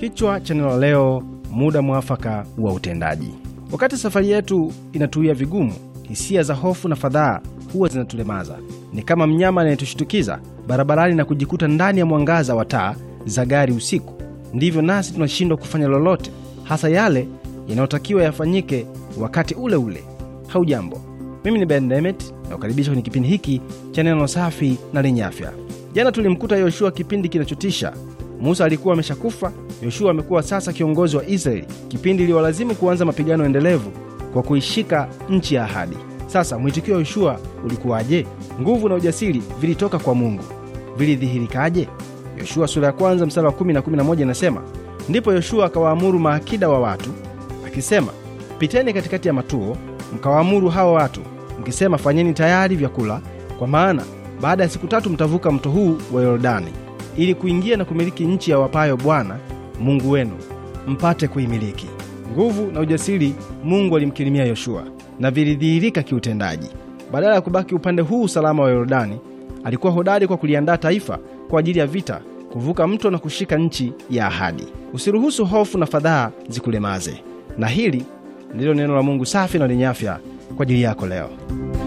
Kichwa cha neno leo, muda mwafaka wa utendaji. Wakati safari yetu inatuia vigumu, hisia za hofu na fadhaa huwa zinatulemaza. Ni kama mnyama anayetushitukiza barabarani na kujikuta ndani ya mwangaza wa taa za gari usiku. Ndivyo nasi tunashindwa kufanya lolote, hasa yale yanayotakiwa yafanyike wakati ule ule. hau jambo mimi ni Ben Demet na kukaribisha kwenye kipindi hiki cha neno safi na lenye afya. Jana tulimkuta Yoshua kipindi kinachotisha Musa alikuwa ameshakufa, Yoshua amekuwa sasa kiongozi wa Israeli. Kipindi iliwalazimu kuanza mapigano endelevu kwa kuishika nchi ya ahadi. Sasa mwitikio wa Yoshua ulikuwaje? Nguvu na ujasiri vilitoka kwa Mungu, vilidhihirikaje? Yoshua sura ya kwanza mstari wa 10 na 11 inasema, ndipo Yoshua akawaamuru maakida wa watu akisema, piteni katikati ya matuo mkawaamuru hawa watu mkisema, fanyeni tayari vyakula, kwa maana baada ya siku tatu mtavuka mto huu wa Yordani ili kuingia na kumiliki nchi ya wapayo Bwana Mungu wenu mpate kuimiliki. Nguvu na ujasiri Mungu alimkirimia Yoshua na vilidhihirika kiutendaji. Badala ya kubaki upande huu usalama wa Yorodani, alikuwa hodari kwa kuliandaa taifa kwa ajili ya vita, kuvuka mto na kushika nchi ya ahadi. Usiruhusu hofu na fadhaa zikulemaze. Na hili ndilo neno la Mungu safi na lenye afya kwa ajili yako leo.